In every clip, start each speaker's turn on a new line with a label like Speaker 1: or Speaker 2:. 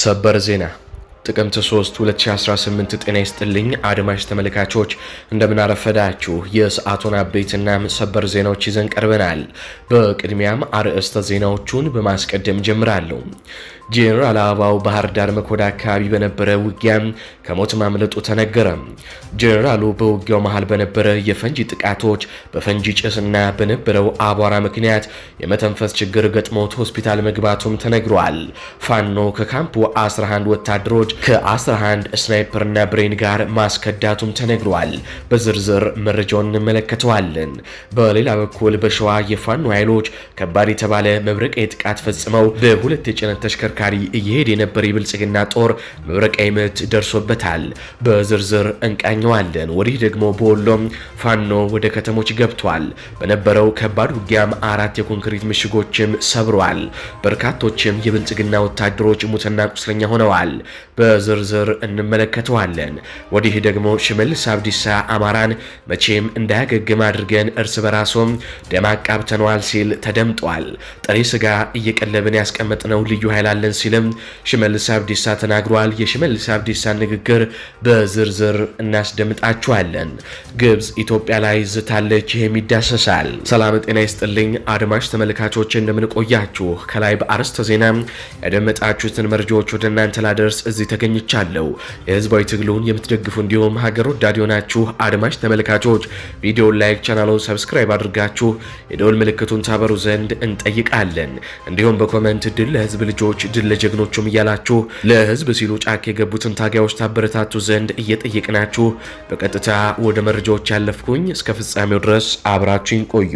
Speaker 1: ሰበር ዜና ጥቅምት 3 2018። ጤና ይስጥልኝ አድማጭ ተመልካቾች፣ እንደምናረፈዳችሁ የሰዓቱን አበይትና ሰበር ዜናዎች ይዘን ቀርበናል። በቅድሚያም አርዕስተ ዜናዎቹን በማስቀደም ጀምራለሁ። ጄኔራል አበባው ባህር ዳር መኮዳ አካባቢ በነበረ ውጊያ ከሞት ማምለጡ ተነገረ። ጄኔራሉ በውጊያው መሃል በነበረ የፈንጂ ጥቃቶች በፈንጂ ጭስና በነበረው አቧራ ምክንያት የመተንፈስ ችግር ገጥሞት ሆስፒታል መግባቱም ተነግሯል። ፋኖ ከካምፑ 11 ወታደሮች ከ11 ስናይፐርና ብሬን ጋር ማስከዳቱም ተነግሯል። በዝርዝር መረጃውን እንመለከተዋለን። በሌላ በኩል በሸዋ የፋኖ ኃይሎች ከባድ የተባለ መብረቃዊ ጥቃት ፈጽመው በሁለት የጭነት ተሽከርካ ተሽከርካሪ እየሄደ የነበረ የብልጽግና ጦር መብረቃዊ ምት ደርሶበታል። በዝርዝር እንቃኘዋለን። ወዲህ ደግሞ በወሎም ፋኖ ወደ ከተሞች ገብቷል። በነበረው ከባድ ውጊያም አራት የኮንክሪት ምሽጎችም ሰብሯል። በርካቶችም የብልጽግና ወታደሮች ሙትና ቁስለኛ ሆነዋል። በዝርዝር እንመለከተዋለን። ወዲህ ደግሞ ሽመልስ አብዲሳ አማራን መቼም እንዳያገግም አድርገን እርስ በራሶም ደም አቃብተነዋል ሲል ተደምጧል። ጥሬ ስጋ እየቀለብን ያስቀመጥነው ልዩ ኃይል አለን እንችላለን ሲልም ሽመልስ አብዲሳ ተናግሯል። የሽመልስ አብዲሳ ንግግር በዝርዝር እናስደምጣችኋለን። ግብፅ ኢትዮጵያ ላይ ዝታለች፣ ይህም ይዳሰሳል። ሰላም ጤና ይስጥልኝ አድማጭ ተመልካቾች እንደምንቆያችሁ፣ ከላይ በአርስተ ዜና ያደመጣችሁትን መረጃዎች ወደ እናንተ ላደርስ እዚህ ተገኝቻለሁ። የህዝባዊ ትግሉን የምትደግፉ እንዲሁም ሀገር ወዳድ የሆናችሁ አድማጭ ተመልካቾች ቪዲዮን ላይክ፣ ቻናሉን ሰብስክራይብ አድርጋችሁ የደወል ምልክቱን ታበሩ ዘንድ እንጠይቃለን። እንዲሁም በኮመንት ድል ለህዝብ ልጆች ድል ለጀግኖቹም እያላችሁ ለህዝብ ሲሉ ጫካ የገቡትን ታጋዮች ታበረታቱ ዘንድ እየጠየቅናችሁ በቀጥታ ወደ መረጃዎች ያለፍኩኝ፣ እስከ ፍጻሜው ድረስ አብራችሁኝ ቆዩ።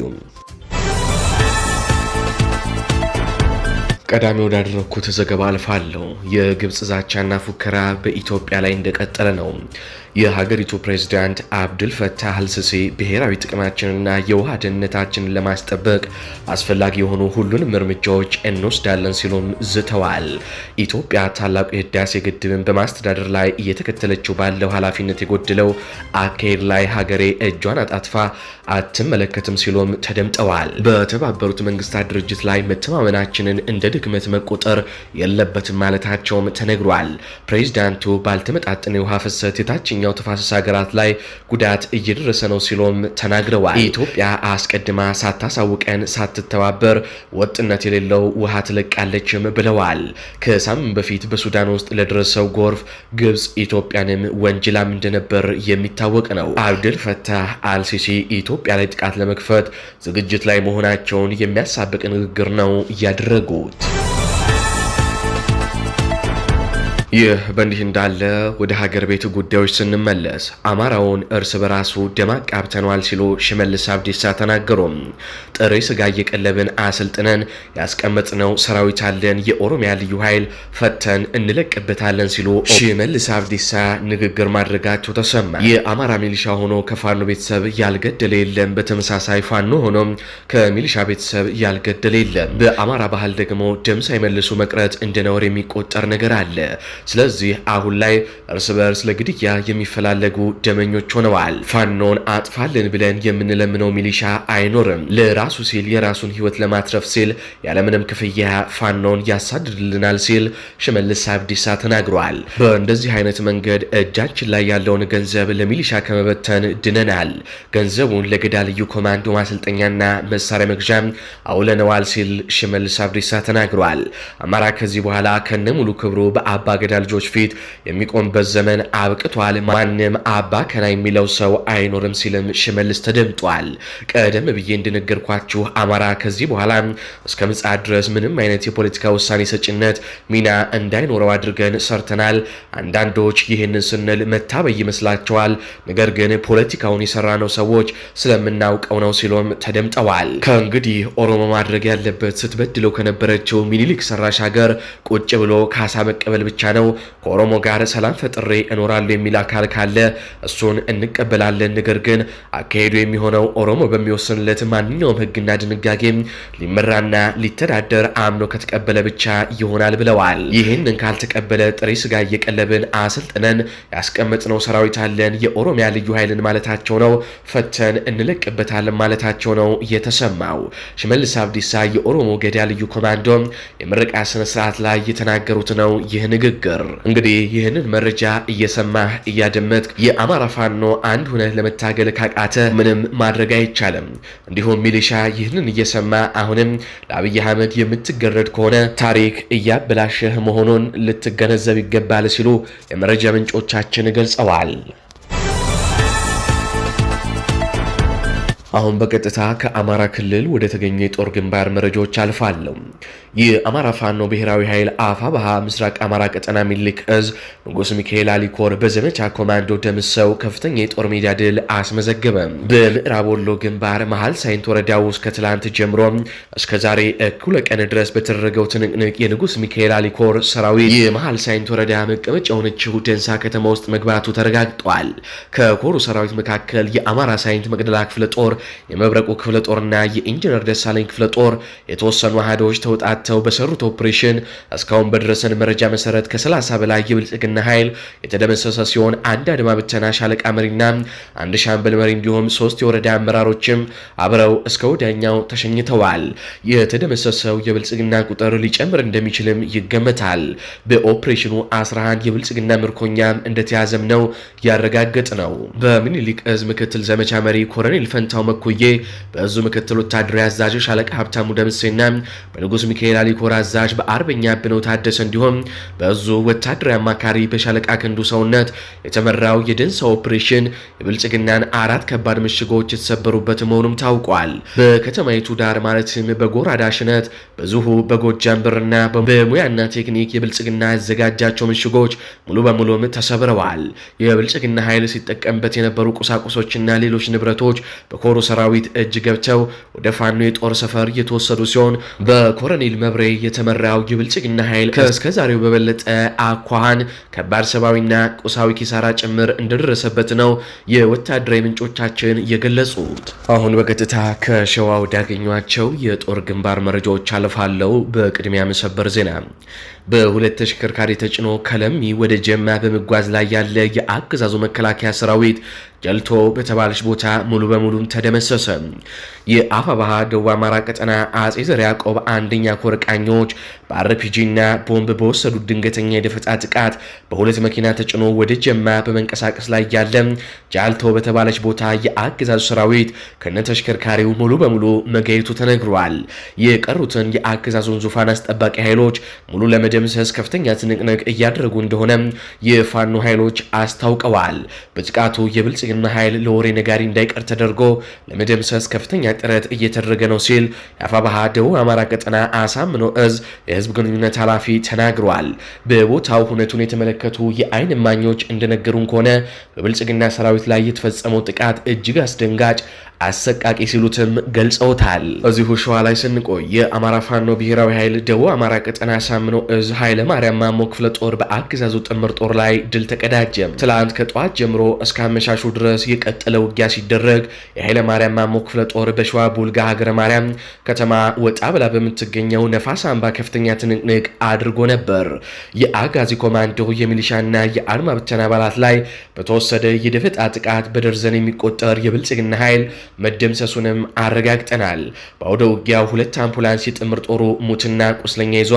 Speaker 1: ቀዳሚ ወዳደረግኩት ዘገባ አልፋለሁ። የግብፅ ዛቻና ፉከራ በኢትዮጵያ ላይ እንደቀጠለ ነው። የሀገሪቱ ፕሬዝዳንት አብድል ፈታህ አልሲሲ ብሔራዊ ጥቅማችንና የውሃ ደህንነታችንን ለማስጠበቅ አስፈላጊ የሆኑ ሁሉንም እርምጃዎች እንወስዳለን ሲሉም ዝተዋል። ኢትዮጵያ ታላቁ የህዳሴ ግድብን በማስተዳደር ላይ እየተከተለችው ባለው ኃላፊነት የጎደለው አካሄድ ላይ ሀገሬ እጇን አጣጥፋ አትመለከትም ሲሉም ተደምጠዋል። በተባበሩት መንግስታት ድርጅት ላይ መተማመናችንን እንደ ድክመት መቆጠር የለበትም ማለታቸውም ተነግሯል። ፕሬዝዳንቱ ባልተመጣጠነ የውሃ ፍሰት የታችኛ በታችኛው ተፋሰስ ሀገራት ላይ ጉዳት እየደረሰ ነው ሲሉም ተናግረዋል። ኢትዮጵያ አስቀድማ ሳታሳውቀን ሳትተባበር ወጥነት የሌለው ውሃ ትለቃለችም ብለዋል። ከሳምንት በፊት በሱዳን ውስጥ ለደረሰው ጎርፍ ግብጽ ኢትዮጵያንም ወንጅላም እንደነበር የሚታወቅ ነው። አብድል ፈታህ አልሲሲ ኢትዮጵያ ላይ ጥቃት ለመክፈት ዝግጅት ላይ መሆናቸውን የሚያሳብቅ ንግግር ነው ያደረጉት። ይህ በእንዲህ እንዳለ ወደ ሀገር ቤት ጉዳዮች ስንመለስ አማራውን እርስ በራሱ ደም ብተነዋል ሲሉ ሽመልስ አብዲሳ ተናገሩ። ጥሬ ስጋ እየቀለብን አሰልጥነን ያስቀመጥነው ሰራዊት አለን፣ የኦሮሚያ ልዩ ኃይል ፈተን እንለቅበታለን ሲሉ ሽመልስ አብዲሳ ንግግር ማድረጋቸው ተሰማ። የአማራ ሚሊሻ ሆኖ ከፋኖ ቤተሰብ ያልገደለ የለም። በተመሳሳይ ፋኖ ሆኖም ከሚሊሻ ቤተሰብ ያልገደለ የለም። በአማራ ባህል ደግሞ ደም ሳይመልሱ መቅረት እንደ ነውር የሚቆጠር ነገር አለ። ስለዚህ አሁን ላይ እርስ በርስ ለግድያ የሚፈላለጉ ደመኞች ሆነዋል። ፋኖን አጥፋልን ብለን የምንለምነው ሚሊሻ አይኖርም። ለራሱ ሲል የራሱን ህይወት ለማትረፍ ሲል ያለምንም ክፍያ ፋኖን ያሳድድልናል ሲል ሽመልስ አብዲሳ ተናግሯል። በእንደዚህ አይነት መንገድ እጃችን ላይ ያለውን ገንዘብ ለሚሊሻ ከመበተን ድነናል። ገንዘቡን ለገዳ ልዩ ኮማንዶ ማሰልጠኛና መሳሪያ መግዣም አውለነዋል ሲል ሽመልስ አብዲሳ ተናግሯል። አማራ ከዚህ በኋላ ከነ ሙሉ ክብሩ በአባ ገዳ የወለጋ ልጆች ፊት የሚቆምበት ዘመን አብቅቷል፣ ማንም አባ ከና የሚለው ሰው አይኖርም ሲልም ሽመልስ ተደምጧል። ቀደም ብዬ እንደነገርኳችሁ አማራ ከዚህ በኋላ እስከ ምጽአት ድረስ ምንም አይነት የፖለቲካ ውሳኔ ሰጭነት ሚና እንዳይኖረው አድርገን ሰርተናል። አንዳንዶች ይህንን ስንል መታበይ ይመስላቸዋል፣ ነገር ግን ፖለቲካውን የሰራነው ሰዎች ስለምናውቀው ነው ሲሉም ተደምጠዋል። ከእንግዲህ ኦሮሞ ማድረግ ያለበት ስትበድለው ከነበረችው ሚኒሊክ ሰራሽ ሀገር ቁጭ ብሎ ካሳ መቀበል ብቻ ነው። ነው። ከኦሮሞ ጋር ሰላም ፈጥሬ እኖራለሁ የሚል አካል ካለ እሱን እንቀበላለን። ነገር ግን አካሄዱ የሚሆነው ኦሮሞ በሚወስንለት ማንኛውም ህግና ድንጋጌም ሊመራና ሊተዳደር አምኖ ከተቀበለ ብቻ ይሆናል ብለዋል። ይህንን ካልተቀበለ ጥሬ ስጋ እየቀለብን አሰልጥነን ያስቀመጥነው ሰራዊት አለን የኦሮሚያ ልዩ ኃይልን ማለታቸው ነው። ፈተን እንለቅበታለን ማለታቸው ነው የተሰማው። ሽመልስ አብዲሳ የኦሮሞ ገዳ ልዩ ኮማንዶ የምረቃ ስነስርዓት ላይ የተናገሩት ነው ይህ ንግግር ነገር እንግዲህ ይህንን መረጃ እየሰማህ እያደመጥክ የአማራ ፋኖ አንድ ሁነህ ለመታገል ካቃተ ምንም ማድረግ አይቻልም። እንዲሁም ሚሊሻ ይህንን እየሰማ አሁንም ለአብይ አህመድ የምትገረድ ከሆነ ታሪክ እያበላሸህ መሆኑን ልትገነዘብ ይገባል ሲሉ የመረጃ ምንጮቻችን ገልጸዋል። አሁን በቀጥታ ከአማራ ክልል ወደ ተገኙ የጦር ግንባር መረጃዎች አልፋለሁ። የአማራ ፋኖ ብሔራዊ ኃይል አፋ ባሃ ምስራቅ አማራ ቀጠና ሚልክ እዝ ንጉስ ሚካኤል አሊኮር በዘመቻ ኮማንዶ ደምሰው ከፍተኛ የጦር ሜዳ ድል አስመዘገበ። በምዕራብ ወሎ ግንባር መሀል ሳይንት ወረዳ ውስጥ ከትላንት ጀምሮ እስከ ዛሬ እኩለ ቀን ድረስ በተደረገው ትንቅንቅ የንጉስ ሚካኤል አሊኮር ሰራዊት የመሀል ሳይንት ወረዳ መቀመጫ የሆነችው ደንሳ ከተማ ውስጥ መግባቱ ተረጋግጧል። ከኮሩ ሰራዊት መካከል የአማራ ሳይንት መቅደላ ክፍለ ጦር የመብረቁ ክፍለ ጦርና የኢንጂነር ደሳለኝ ክፍለ ጦር የተወሰኑ አህዶች ተውጣተው በሰሩት ኦፕሬሽን እስካሁን በደረሰን መረጃ መሰረት ከ30 በላይ የብልጽግና ኃይል የተደመሰሰ ሲሆን አንድ አድማ ብተና ሻለቃ መሪና አንድ ሻምበል መሪ እንዲሁም ሶስት የወረዳ አመራሮችም አብረው እስከ ወዲያኛው ተሸኝተዋል። የተደመሰሰው የብልጽግና ቁጥር ሊጨምር እንደሚችልም ይገመታል። በኦፕሬሽኑ 11 የብልጽግና ምርኮኛ እንደተያዘም ነው ያረጋገጥ ነው። በምኒልክ እዝ ምክትል ዘመቻ መሪ ኮሎኔል ፈንታው በኩዬ በዙ ምክትል ወታደራዊ አዛዥ ሻለቃ ሀብታሙ ደምሴና በንጉስ ሚካኤል አሊኮር አዛዥ በአርበኛ ብነው ታደሰ እንዲሁም በዙ ወታደራዊ አማካሪ በሻለቃ ክንዱ ሰውነት የተመራው የደንሳ ኦፕሬሽን የብልጽግናን አራት ከባድ ምሽጎች የተሰበሩበት መሆኑም ታውቋል። በከተማይቱ ዳር ማለትም በጎራ ሽነት፣ በዙሁ፣ በጎጃም ብርና በሙያና ቴክኒክ የብልጽግና ያዘጋጃቸው ምሽጎች ሙሉ በሙሉም ተሰብረዋል። የብልጽግና ኃይል ሲጠቀምበት የነበሩ ቁሳቁሶችና ሌሎች ንብረቶች በኮሮ ሰራዊት እጅ ገብተው ወደ ፋኖ የጦር ሰፈር እየተወሰዱ ሲሆን በኮረኔል መብሬ የተመራው የብልጽግና ኃይል ከእስከዛሬው በበለጠ አኳኋን ከባድ ሰብአዊና ቁሳዊ ኪሳራ ጭምር እንደደረሰበት ነው የወታደራዊ ምንጮቻችን የገለጹት። አሁን በቀጥታ ከሸዋ ወዳገኟቸው የጦር ግንባር መረጃዎች አልፋለሁ። በቅድሚያ መሰበር ዜና በሁለት ተሽከርካሪ ተጭኖ ከለሚ ወደ ጀማ በመጓዝ ላይ ያለ የአገዛዙ መከላከያ ሰራዊት ጀልቶ በተባለች ቦታ ሙሉ በሙሉም ተደመሰሰ። የአፋባሃ ደቡብ አማራ ቀጠና አጼ ዘርዓ ያዕቆብ አንደኛ ኮር ቃኞች በአርፒጂና ቦምብ በወሰዱት ድንገተኛ የደፈጣ ጥቃት በሁለት መኪና ተጭኖ ወደ ጀማ በመንቀሳቀስ ላይ ያለ ጃልቶ በተባለች ቦታ የአገዛዙ ሰራዊት ከነተሽከርካሪው ሙሉ በሙሉ መጋየቱ ተነግሯል። የቀሩትን የአገዛዙን ዙፋን አስጠባቂ ኃይሎች ሙሉ ለመደምሰስ ከፍተኛ ትንቅንቅ እያደረጉ እንደሆነ የፋኖ ኃይሎች አስታውቀዋል። በጥቃቱ የብልጽግና ኃይል ለወሬ ነጋሪ እንዳይቀር ተደርጎ ለመደምሰስ ከፍተኛ ጥረት እየተደረገ ነው ሲል የአፋባሃ ደቡብ አማራ ቀጠና አሳምኖ እዝ የህዝብ ግንኙነት ኃላፊ ተናግረዋል። በቦታው ሁነቱን የተመለከቱ የአይን እማኞች እንደነገሩን ከሆነ በብልጽግና ሰራዊት ላይ የተፈጸመው ጥቃት እጅግ አስደንጋጭ አሰቃቂ ሲሉትም ገልጸውታል። እዚሁ ሸዋ ላይ ስንቆይ የአማራ ፋኖ ብሔራዊ ኃይል ደቡብ አማራ ቀጠና ሳምነው እዝ ኃይለ ማርያም ማሞ ክፍለ ጦር በአገዛዙ ጥምር ጦር ላይ ድል ተቀዳጀም። ትላንት ከጠዋት ጀምሮ እስከ አመሻሹ ድረስ የቀጠለ ውጊያ ሲደረግ የኃይለ ማርያም ማሞ ክፍለ ጦር በሸዋ ቡልጋ ሀገረ ማርያም ከተማ ወጣ ብላ በምትገኘው ነፋስ አምባ ከፍተኛ ትንቅንቅ አድርጎ ነበር። የአጋዚ ኮማንዶ የሚሊሻና የአድማ ብተና አባላት ላይ በተወሰደ የደፈጣ ጥቃት በደርዘን የሚቆጠር የብልጽግና ኃይል መደምሰሱንም አረጋግጠናል። በአውደ ውጊያው ሁለት አምቡላንስ የጥምር ጦሩ ሙትና ቁስለኛ ይዞ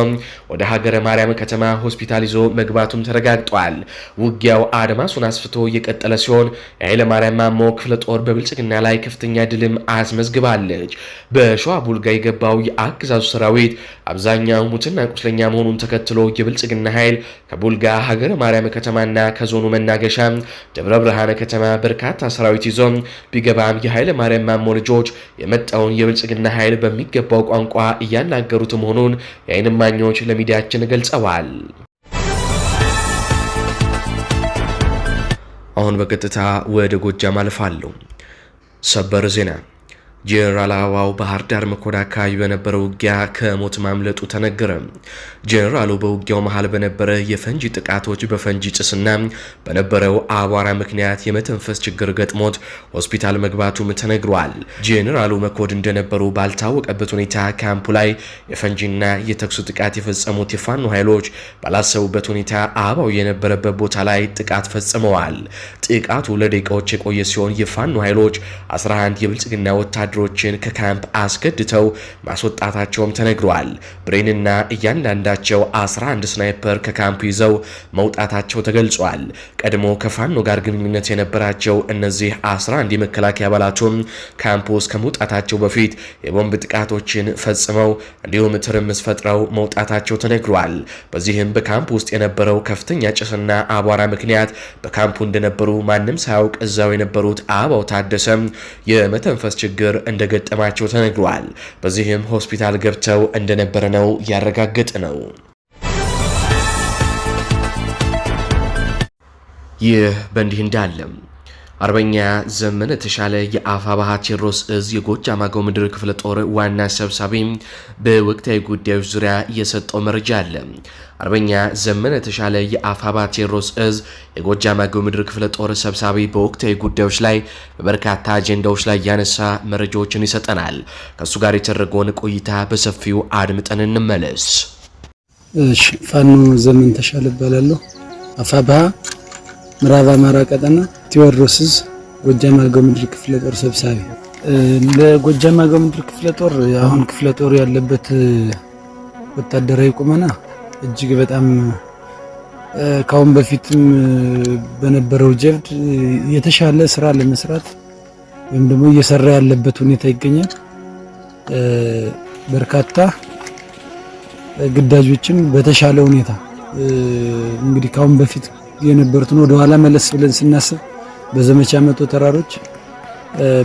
Speaker 1: ወደ ሀገረ ማርያም ከተማ ሆስፒታል ይዞ መግባቱም ተረጋግጧል። ውጊያው አድማሱን አስፍቶ እየቀጠለ ሲሆን የኃይለማርያም ማሞ ክፍለ ጦር በብልጽግና ላይ ከፍተኛ ድልም አስመዝግባለች። በሸዋ ቡልጋ የገባው የአገዛዙ ሰራዊት አብዛኛው ሙትና ቁስለኛ መሆኑን ተከትሎ የብልጽግና ኃይል ከቡልጋ ሀገረ ማርያም ከተማና ከዞኑ መናገሻ ደብረ ብርሃነ ከተማ በርካታ ሰራዊት ይዞ ቢገባም የኃይለ የማርያም ማሞን ልጆች የመጣውን የብልጽግና ኃይል በሚገባው ቋንቋ እያናገሩት መሆኑን የዓይን እማኞች ለሚዲያችን ገልጸዋል። አሁን በቀጥታ ወደ ጎጃም አልፋለሁ። ሰበር ዜና ጄኔራል አበባው ባህር ዳር መኮዳ አካባቢ በነበረው ውጊያ ከሞት ማምለጡ ተነገረ። ጄኔራሉ በውጊያው መሃል በነበረ የፈንጂ ጥቃቶች በፈንጂ ጭስና በነበረው አቧራ ምክንያት የመተንፈስ ችግር ገጥሞት ሆስፒታል መግባቱም ተነግሯል። ጄኔራሉ መኮድ እንደነበሩ ባልታወቀበት ሁኔታ ካምፑ ላይ የፈንጂና የተኩስ ጥቃት የፈጸሙት የፋኖ ኃይሎች ባላሰቡበት ሁኔታ አበባው የነበረበት ቦታ ላይ ጥቃት ፈጽመዋል። ጥቃቱ ለደቂቃዎች የቆየ ሲሆን የፋኖ ኃይሎች 11 የብልጽግና ወታደ ወታደሮችን ከካምፕ አስገድተው ማስወጣታቸውም ተነግረዋል። ብሬንና እያንዳንዳቸው 11 ስናይፐር ከካምፕ ይዘው መውጣታቸው ተገልጿል። ቀድሞ ከፋኖ ጋር ግንኙነት የነበራቸው እነዚህ 11 የመከላከያ አባላቱም ካምፕ ውስጥ ከመውጣታቸው በፊት የቦምብ ጥቃቶችን ፈጽመው እንዲሁም ትርምስ ፈጥረው መውጣታቸው ተነግሯል። በዚህም በካምፕ ውስጥ የነበረው ከፍተኛ ጭስና አቧራ ምክንያት በካምፑ እንደነበሩ ማንም ሳያውቅ እዛው የነበሩት አበባው ታደሰም የመተንፈስ ችግር እንደገጠማቸው ተነግሯል። በዚህም ሆስፒታል ገብተው እንደነበረ ነው ያረጋገጠ ነው። ይህ በእንዲህ እንዳለም አርበኛ ዘመን የተሻለ የአፋ ባህ ቴዎድሮስ እዝ የጎጃም አገው ምድር ክፍለ ጦር ዋና ሰብሳቢ በወቅታዊ ጉዳዮች ዙሪያ የሰጠው መረጃ አለ። አርበኛ ዘመን የተሻለ የአፋ ባህ ቴዎድሮስ እዝ የጎጃም አገው ምድር ክፍለ ጦር ሰብሳቢ በወቅታዊ ጉዳዮች ላይ በበርካታ አጀንዳዎች ላይ ያነሳ መረጃዎችን ይሰጠናል። ከእሱ ጋር የተደረገውን ቆይታ በሰፊው አድምጠን እንመለስ።
Speaker 2: ፋኖ ዘመን ተሻለ ይባላለሁ አፋ ባህ ምዕራብ አማራ ቀጠና ቴዎድሮስዝ ጎጃም አገው ምድር ክፍለ ጦር ሰብሳቢ። ለጎጃም አገው ምድር ክፍለ ጦር አሁን ክፍለ ጦር ያለበት ወታደራዊ ቁመና እጅግ በጣም ካሁን በፊትም በነበረው ጀብድ የተሻለ ስራ ለመስራት ወይም ደግሞ እየሰራ ያለበት ሁኔታ ይገኛል። በርካታ ግዳጆችን በተሻለ ሁኔታ እንግዲህ ካሁን በፊት የነበሩትን ወደኋላ መለስ ብለን ስናስብ በዘመቻ መቶ ተራሮች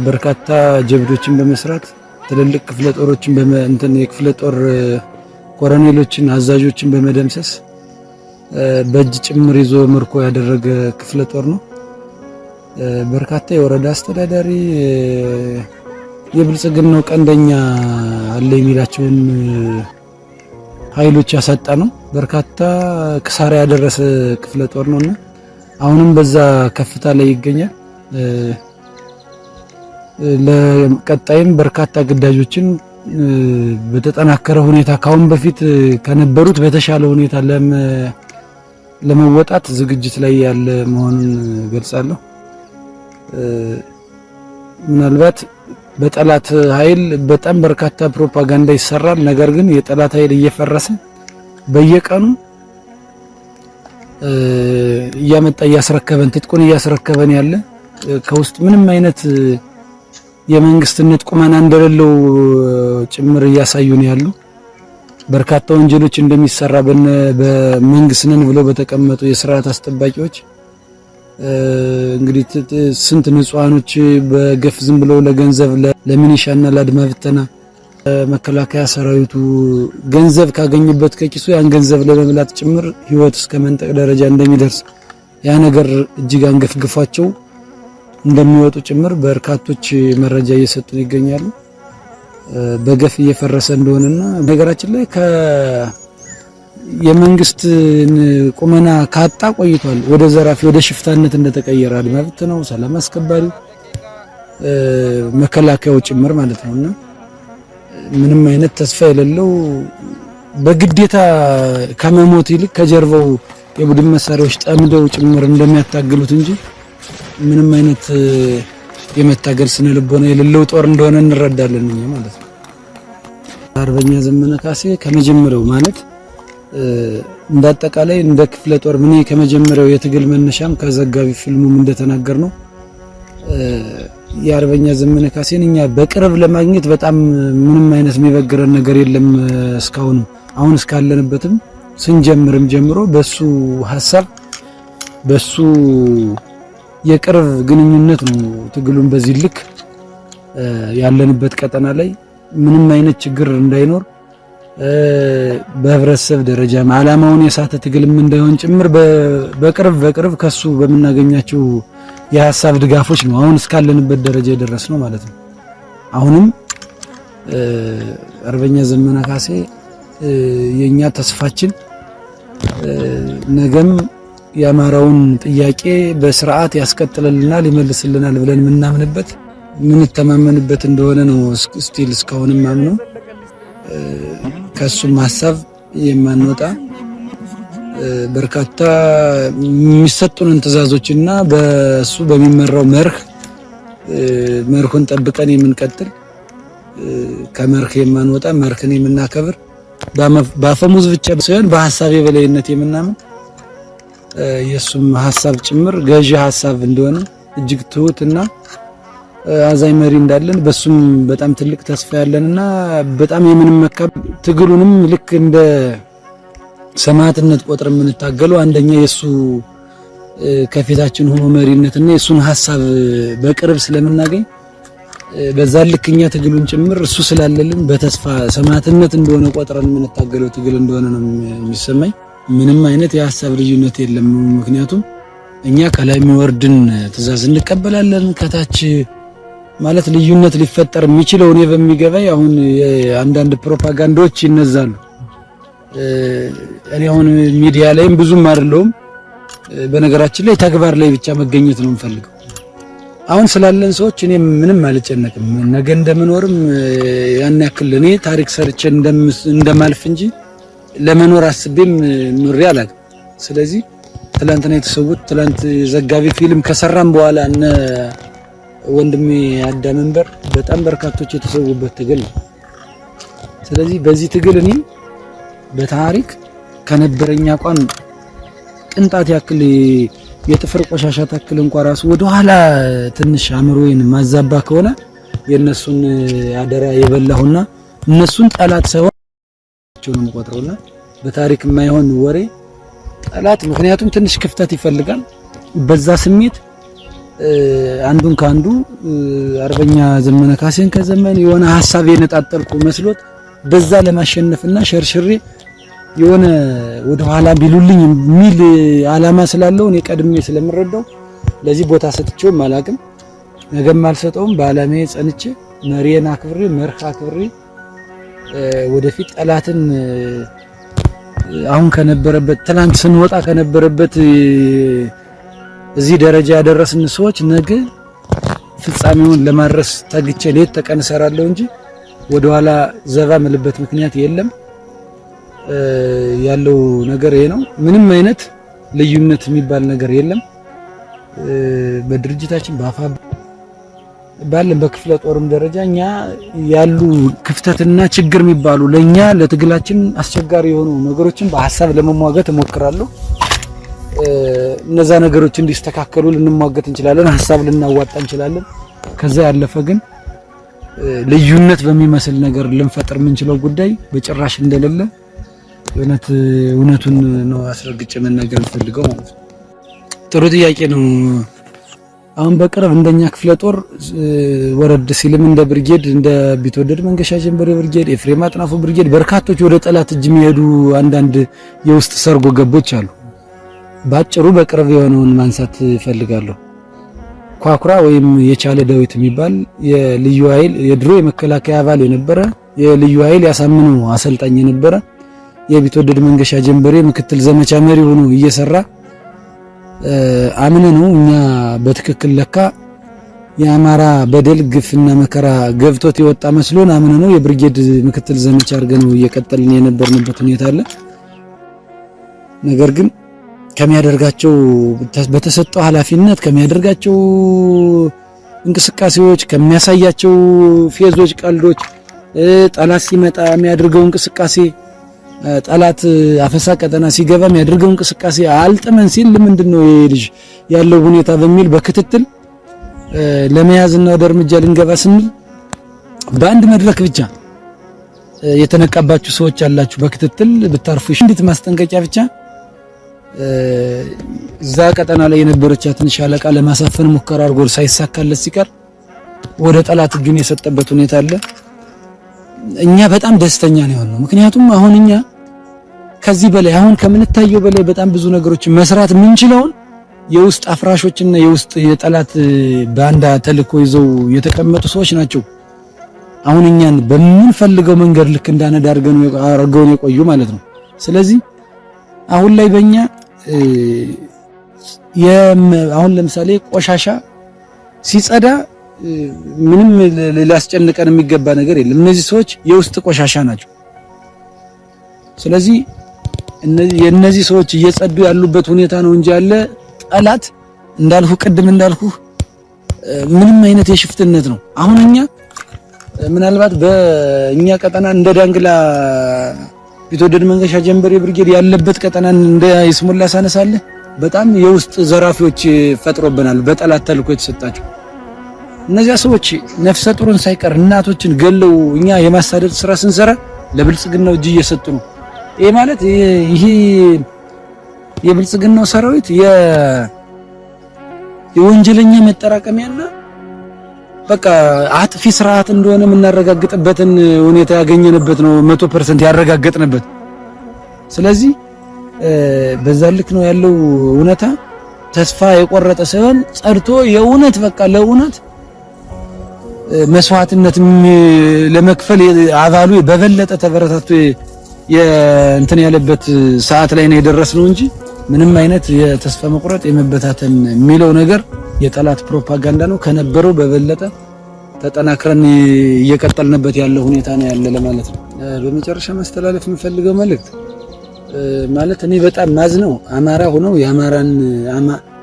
Speaker 2: በርካታ ጀብዶችን በመስራት ትልልቅ ክፍለ ጦሮችን እንትን የክፍለ ጦር ኮሎኔሎችን አዛዦችን በመደምሰስ በእጅ ጭምር ይዞ ምርኮ ያደረገ ክፍለ ጦር ነው። በርካታ የወረዳ አስተዳዳሪ የብልጽግናው ቀንደኛ አለ የሚላቸውን ኃይሎች ያሳጣ ነው። በርካታ ክሳራ ያደረሰ ክፍለ ጦር ነውና አሁንም በዛ ከፍታ ላይ ይገኛል። ለቀጣይም በርካታ ግዳጆችን በተጠናከረ ሁኔታ ካሁን በፊት ከነበሩት በተሻለ ሁኔታ ለመወጣት ዝግጅት ላይ ያለ መሆኑን ገልጻለሁ። ምናልባት በጠላት ኃይል በጣም በርካታ ፕሮፓጋንዳ ይሰራል። ነገር ግን የጠላት ኃይል እየፈረሰ በየቀኑ እያመጣ እያስረከበን ትጥቁን እያስረከበን ያለ ከውስጥ ምንም አይነት የመንግስትነት ቁመና እንደሌለው ጭምር እያሳዩን ያሉ በርካታ ወንጀሎች እንደሚሰራ በመንግስት ነን ብሎ በተቀመጡ የስርዓት አስጠባቂዎች እንግዲህ ስንት ንጹሃኖች በገፍ ዝም ብለው ለገንዘብ ለሚኒሻና ለአድማ ብተና መከላከያ ሰራዊቱ ገንዘብ ካገኘበት ከኪሱ ያን ገንዘብ ለመብላት ጭምር ህይወት እስከ መንጠቅ ደረጃ እንደሚደርስ ያ ነገር እጅግ አንገፍግፏቸው እንደሚወጡ ጭምር በርካቶች መረጃ እየሰጡን ይገኛሉ። በገፍ እየፈረሰ እንደሆነና ነገራችን ላይ የመንግስትን ቁመና ካጣ ቆይቷል። ወደ ዘራፊ ወደ ሽፍታነት እንደተቀየረ አድማብት ነው፣ ሰላም አስከባሪ መከላከያው ጭምር ማለት ነውና ምንም አይነት ተስፋ የሌለው በግዴታ ከመሞት ይልቅ ከጀርባው የቡድን መሳሪያዎች ጠምደው ጭምር እንደሚያታግሉት እንጂ ምንም አይነት የመታገል ስነ ልቦና የሌለው ጦር እንደሆነ እንረዳለን ማለት ነው። አርበኛ ዘመነ ካሴ ከመጀመሪያው ማለት እንዳጠቃላይ እንደ ክፍለ ጦር ምን ከመጀመሪያው የትግል መነሻም ከዘጋቢ ፊልሙም እንደተናገር ነው የአርበኛ ዘመነ ካሴን እኛ በቅርብ ለማግኘት በጣም ምንም አይነት የሚበግረን ነገር የለም። እስካሁንም አሁን እስካለንበትም ስንጀምርም ጀምሮ በሱ ሀሳብ በሱ የቅርብ ግንኙነት ነው ትግሉን በዚህ ልክ ያለንበት ቀጠና ላይ ምንም አይነት ችግር እንዳይኖር በህብረተሰብ ደረጃ አላማውን የሳተ ትግልም እንዳይሆን ጭምር በቅርብ በቅርብ ከሱ በምናገኛቸው የሀሳብ ድጋፎች ነው አሁን እስካለንበት ደረጃ የደረስ ነው ማለት ነው። አሁንም አርበኛ ዘመነ ካሴ የኛ ተስፋችን ነገም የአማራውን ጥያቄ በስርዓት ያስቀጥልልናል፣ ይመልስልናል ብለን የምናምንበት የምንተማመንበት እንደሆነ ነው። ስቲል እስካሁንም አምነው ከእሱም ሀሳብ የማንወጣ በርካታ የሚሰጡንን ትዕዛዞችና በእሱ በሚመራው መርህ መርሁን ጠብቀን የምንቀጥል ከመርህ የማንወጣ መርህን የምናከብር በአፈሙዝ ብቻ ሳይሆን በሀሳብ የበላይነት የምናምን የእሱም ሀሳብ ጭምር ገዢ ሀሳብ እንደሆነ እጅግ ትሁትና አዛይመሪ መሪ እንዳለን በሱም በጣም ትልቅ ተስፋ ያለንና በጣም የምንመካ ትግሉንም ልክ እንደ ሰማዕትነት ቆጥር የምንታገለው አንደኛ የሱ ከፊታችን ሆኖ መሪነትና የሱን ሀሳብ በቅርብ ስለምናገኝ በዛ ልክ እኛ ትግሉን ጭምር እሱ ስላለልን በተስፋ ሰማዕትነት እንደሆነ ቆጥረን የምንታገለው ትግል እንደሆነ ነው የሚሰማኝ። ምንም አይነት የሀሳብ ልዩነት የለም። ምክንያቱም እኛ ከላይ የሚወርድን ትዕዛዝ እንቀበላለን ከታች ማለት ልዩነት ሊፈጠር የሚችለው እኔ በሚገባኝ አሁን አንዳንድ ፕሮፓጋንዳዎች ይነዛሉ። እኔ አሁን ሚዲያ ላይም ብዙም አይደለሁም። በነገራችን ላይ ተግባር ላይ ብቻ መገኘት ነው የምፈልገው። አሁን ስላለን ሰዎች እኔ ምንም አልጨነቅም። ነገ እንደምኖርም ያን ያክል እኔ ታሪክ ሰርቼ እንደማልፍ እንጂ ለመኖር አስቤም ኑሬ አላውቅም። ስለዚህ ትላንትና የተሰዉት ትላንት ዘጋቢ ፊልም ከሰራም በኋላ እነ ወንድሜ አዳም እንበር በጣም በርካቶች የተሰዉበት ትግል ነው። ስለዚህ በዚህ ትግል እኔም በታሪክ ከነበረኝ አቋም ቅንጣት ያክል የጥፍር ቆሻሻ ታክል እንኳ ራሱ ወደኋላ ትንሽ አእምሮዬን ማዛባ ከሆነ የእነሱን አደራ የበላሁና እነሱን ጠላት ሳይሆን ነው የምቆጥረውና በታሪክ የማይሆን ወሬ ጠላት፣ ምክንያቱም ትንሽ ክፍተት ይፈልጋል በዛ ስሜት አንዱን ከአንዱ አርበኛ ዘመነ ካሴን ከዘመን የሆነ ሀሳብ የነጣጠልኩ መስሎት በዛ ለማሸነፍና ሸርሽሬ የሆነ ወደ ኋላ ቢሉልኝ የሚል አላማ ስላለው እኔ ቀድሜ ስለምረዳው ለዚህ ቦታ ሰጥቼውም አላቅም፣ ነገም አልሰጠውም። በአላማዬ ጸንቼ መሪን አክብሬ መርህ አክብሬ ወደፊት ጠላትን አሁን ከነበረበት ትናንት ስንወጣ ከነበረበት እዚህ ደረጃ ያደረስን ሰዎች ነገ ፍጻሜውን ለማድረስ ታግቼ ሌት ተቀን እሰራለሁ እንጂ ወደኋላ ዘባ ምልበት ምክንያት የለም። ያለው ነገር ይሄ ነው። ምንም አይነት ልዩነት የሚባል ነገር የለም። በድርጅታችን በአፋ ባለን በክፍለ ጦርም ደረጃ እኛ ያሉ ክፍተትና ችግር የሚባሉ ለኛ ለትግላችን አስቸጋሪ የሆኑ ነገሮችን በሀሳብ ለመሟገት እሞክራለሁ። እነዛ ነገሮች እንዲስተካከሉ ልንሟገት እንችላለን፣ ሀሳብ ልናዋጣ እንችላለን። ከዛ ያለፈ ግን ልዩነት በሚመስል ነገር ልንፈጥር የምንችለው ጉዳይ በጭራሽ እንደሌለ እውነት እውነቱን ነው አስረግጬ መናገር እንፈልገው ማለት ነው። ጥሩ ጥያቄ ነው። አሁን በቅርብ እንደኛ ክፍለ ጦር ወረድ ሲልም እንደ ብርጌድ እንደ ቢትወደድ መንገሻ ጀንበሬ ብርጌድ፣ ኤፍሬም አጥናፉ ብርጌድ በርካቶች ወደ ጠላት እጅ የሚሄዱ አንዳንድ የውስጥ ሰርጎ ገቦች አሉ። ባጭሩ በቅርብ የሆነውን ማንሳት እፈልጋለሁ። ኳኩራ ወይም የቻለ ዳዊት የሚባል የልዩ ኃይል የድሮ የመከላከያ አባል የነበረ የልዩ ኃይል ያሳምነው አሰልጣኝ የነበረ የቢትወደድ መንገሻ ጀንበሬ ምክትል ዘመቻ መሪ ሆኖ እየሰራ አምነ ነው እኛ በትክክል ለካ የአማራ በደል ግፍና መከራ ገብቶት የወጣ መስሎን አምነ ነው የብርጌድ ምክትል ዘመቻ አድርገን እየቀጠልን የነበርንበት ሁኔታ አለ። ነገር ግን ከሚያደርጋቸው በተሰጠው ኃላፊነት ከሚያደርጋቸው እንቅስቃሴዎች ከሚያሳያቸው ፌዞች፣ ቀልዶች ጠላት ሲመጣ የሚያደርገው እንቅስቃሴ ጠላት አፈሳ ቀጠና ሲገባ የሚያደርገው እንቅስቃሴ አልጥመን ሲል ምንድን ነው ይሄ ልጅ ያለው ሁኔታ በሚል በክትትል ለመያዝና ወደ እርምጃ ልንገባ ስንል በአንድ መድረክ ብቻ የተነቃባችሁ ሰዎች አላችሁ። በክትትል ብታርፉ እንዴት ማስጠንቀቂያ ብቻ እዛ ቀጠና ላይ የነበረቻትን ሻለቃ ለማሳፈን ሙከራ አድርጎ ሳይሳካለት ሲቀር ወደ ጠላት እጁን የሰጠበት ሁኔታ አለ። እኛ በጣም ደስተኛ ነው የሆነው። ምክንያቱም አሁን እኛ ከዚህ በላይ አሁን ከምንታየው በላይ በጣም ብዙ ነገሮች መስራት የምንችለውን የውስጥ አፍራሾችና የውስጥ የጠላት ባንዳ ተልእኮ ይዘው የተቀመጡ ሰዎች ናቸው። አሁን እኛን በምንፈልገው መንገድ ልክ እንዳነዳ አድርገው የቆዩ ማለት ነው። ስለዚህ አሁን ላይ በእኛ አሁን ለምሳሌ ቆሻሻ ሲጸዳ ምንም ሊያስጨንቀን የሚገባ ነገር የለም። እነዚህ ሰዎች የውስጥ ቆሻሻ ናቸው። ስለዚህ የእነዚህ ሰዎች እየጸዱ ያሉበት ሁኔታ ነው እንጂ ያለ ጠላት እንዳልሁ ቅድም እንዳልኩ ምንም አይነት የሽፍትነት ነው። አሁን እኛ ምናልባት በእኛ ቀጠና እንደ ዳንግላ የተወደድ መንገሻ ጀንበሬ ብርጌድ ያለበት ቀጠና እንደ ይስሙላ ሳነሳለህ በጣም የውስጥ ዘራፊዎች ፈጥሮብናል። በጠላት ተልኮ የተሰጣቸው እነዚያ ሰዎች ነፍሰ ጡርን ሳይቀር እናቶችን ገለው እኛ የማሳደድ ስራ ስንሰራ ለብልጽግናው እጅ እየሰጡ ነው። ይሄ ማለት ይሄ የብልጽግናው ሰራዊት የወንጀለኛ መጠራቀሚያና በቃ አጥፊ ስርዓት እንደሆነ የምናረጋግጥበትን ሁኔታ ያገኘንበት ነው፣ መቶ ፐርሰንት ያረጋገጥንበት። ስለዚህ በዛ ልክ ነው ያለው እውነታ። ተስፋ የቆረጠ ሳይሆን ጸድቶ የእውነት በቃ ለእውነት መስዋዕትነት ለመክፈል አባሉ በበለጠ ተበረታቶ እንትን ያለበት ሰዓት ላይ ነው የደረስነው እንጂ ምንም አይነት የተስፋ መቁረጥ የመበታተን የሚለው ነገር የጠላት ፕሮፓጋንዳ ነው። ከነበረው በበለጠ ተጠናክረን እየቀጠልንበት ያለው ሁኔታ ነው ያለ ለማለት ነው። በመጨረሻ ማስተላለፍ የምፈልገው መልእክት ማለት እኔ በጣም ማዝነው አማራ ሆነው የአማራን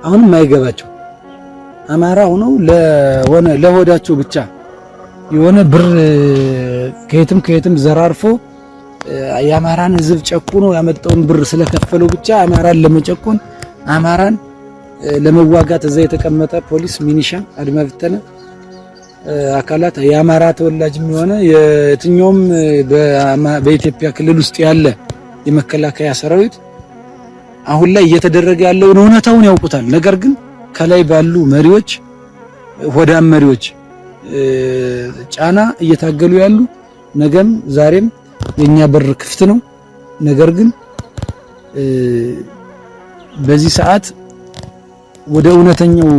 Speaker 2: አሁን የማይገባቸው አማራ ሆነው ለሆነ ለሆዳቸው ብቻ የሆነ ብር ከየትም ከየትም ዘራርፎ የአማራን ሕዝብ ጨቁኖ ያመጣውን ብር ስለከፈለው ብቻ አማራን ለመጨቆን አማራን ለመዋጋት እዛ የተቀመጠ ፖሊስ፣ ሚኒሻ፣ አድማ ብተና አካላት የአማራ ተወላጅም የሆነ የትኛውም በኢትዮጵያ ክልል ውስጥ ያለ የመከላከያ ሰራዊት አሁን ላይ እየተደረገ ያለውን እውነታውን ያውቁታል። ነገር ግን ከላይ ባሉ መሪዎች፣ ሆዳም መሪዎች ጫና እየታገሉ ያሉ ነገም ዛሬም የኛ በር ክፍት ነው። ነገር ግን በዚህ ሰዓት ወደ እውነተኛው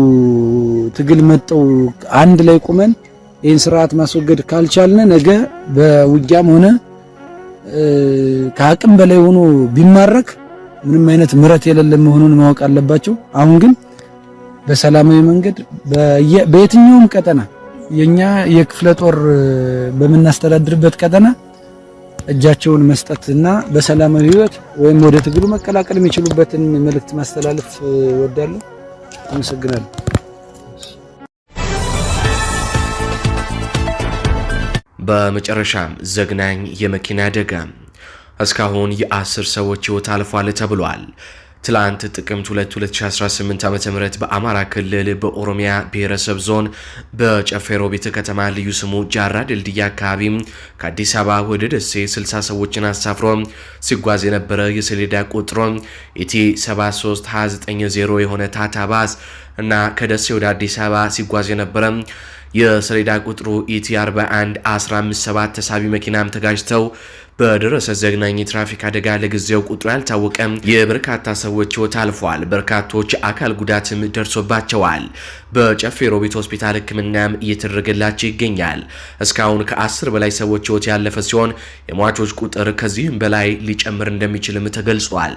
Speaker 2: ትግል መጠው አንድ ላይ ቁመን ይህን ስርዓት ማስወገድ ካልቻልን ነገ በውጊያም ሆነ ከአቅም በላይ ሆኖ ቢማረክ ምንም አይነት ምረት የሌለ መሆኑን ማወቅ አለባቸው። አሁን ግን በሰላማዊ መንገድ በየትኛውም ቀጠና የኛ የክፍለ ጦር በምናስተዳድርበት ቀጠና እጃቸውን መስጠትና በሰላማዊ ህይወት ወይም ወደ ትግሉ መቀላቀል የሚችሉበትን መልእክት ማስተላለፍ ወዳለሁ? አመሰግናለሁ።
Speaker 1: በመጨረሻም ዘግናኝ የመኪና አደጋ እስካሁን የአስር ሰዎች ህይወት አልፏል ተብሏል። ትላንት ጥቅምት 2 2018 ዓ ም በአማራ ክልል በኦሮሚያ ብሔረሰብ ዞን በጨፌሮ ቤተ ከተማ ልዩ ስሙ ጃራ ድልድይ አካባቢ ከአዲስ አበባ ወደ ደሴ 60 ሰዎችን አሳፍሮ ሲጓዝ የነበረ የሰሌዳ ቁጥሮ ኢቲ 73290 የሆነ ታታ ባስ እና ከደሴ ወደ አዲስ አበባ ሲጓዝ የነበረ የሰሌዳ ቁጥሩ ኢቲ 41 ተሳቢ መኪናም ተጋጅተው በደረሰ ዘግናኝ የትራፊክ አደጋ ለጊዜው ቁጥሩ ያልታወቀም የበርካታ ሰዎች ህይወት አልፏል። በርካቶች አካል ጉዳትም ደርሶባቸዋል። በጨፌ ሮቢት ሆስፒታል ህክምናም እየተደረገላቸው ይገኛል። እስካሁን ከአስር በላይ ሰዎች ህይወት ያለፈ ሲሆን የሟቾች ቁጥር ከዚህም በላይ ሊጨምር እንደሚችልም ተገልጿል።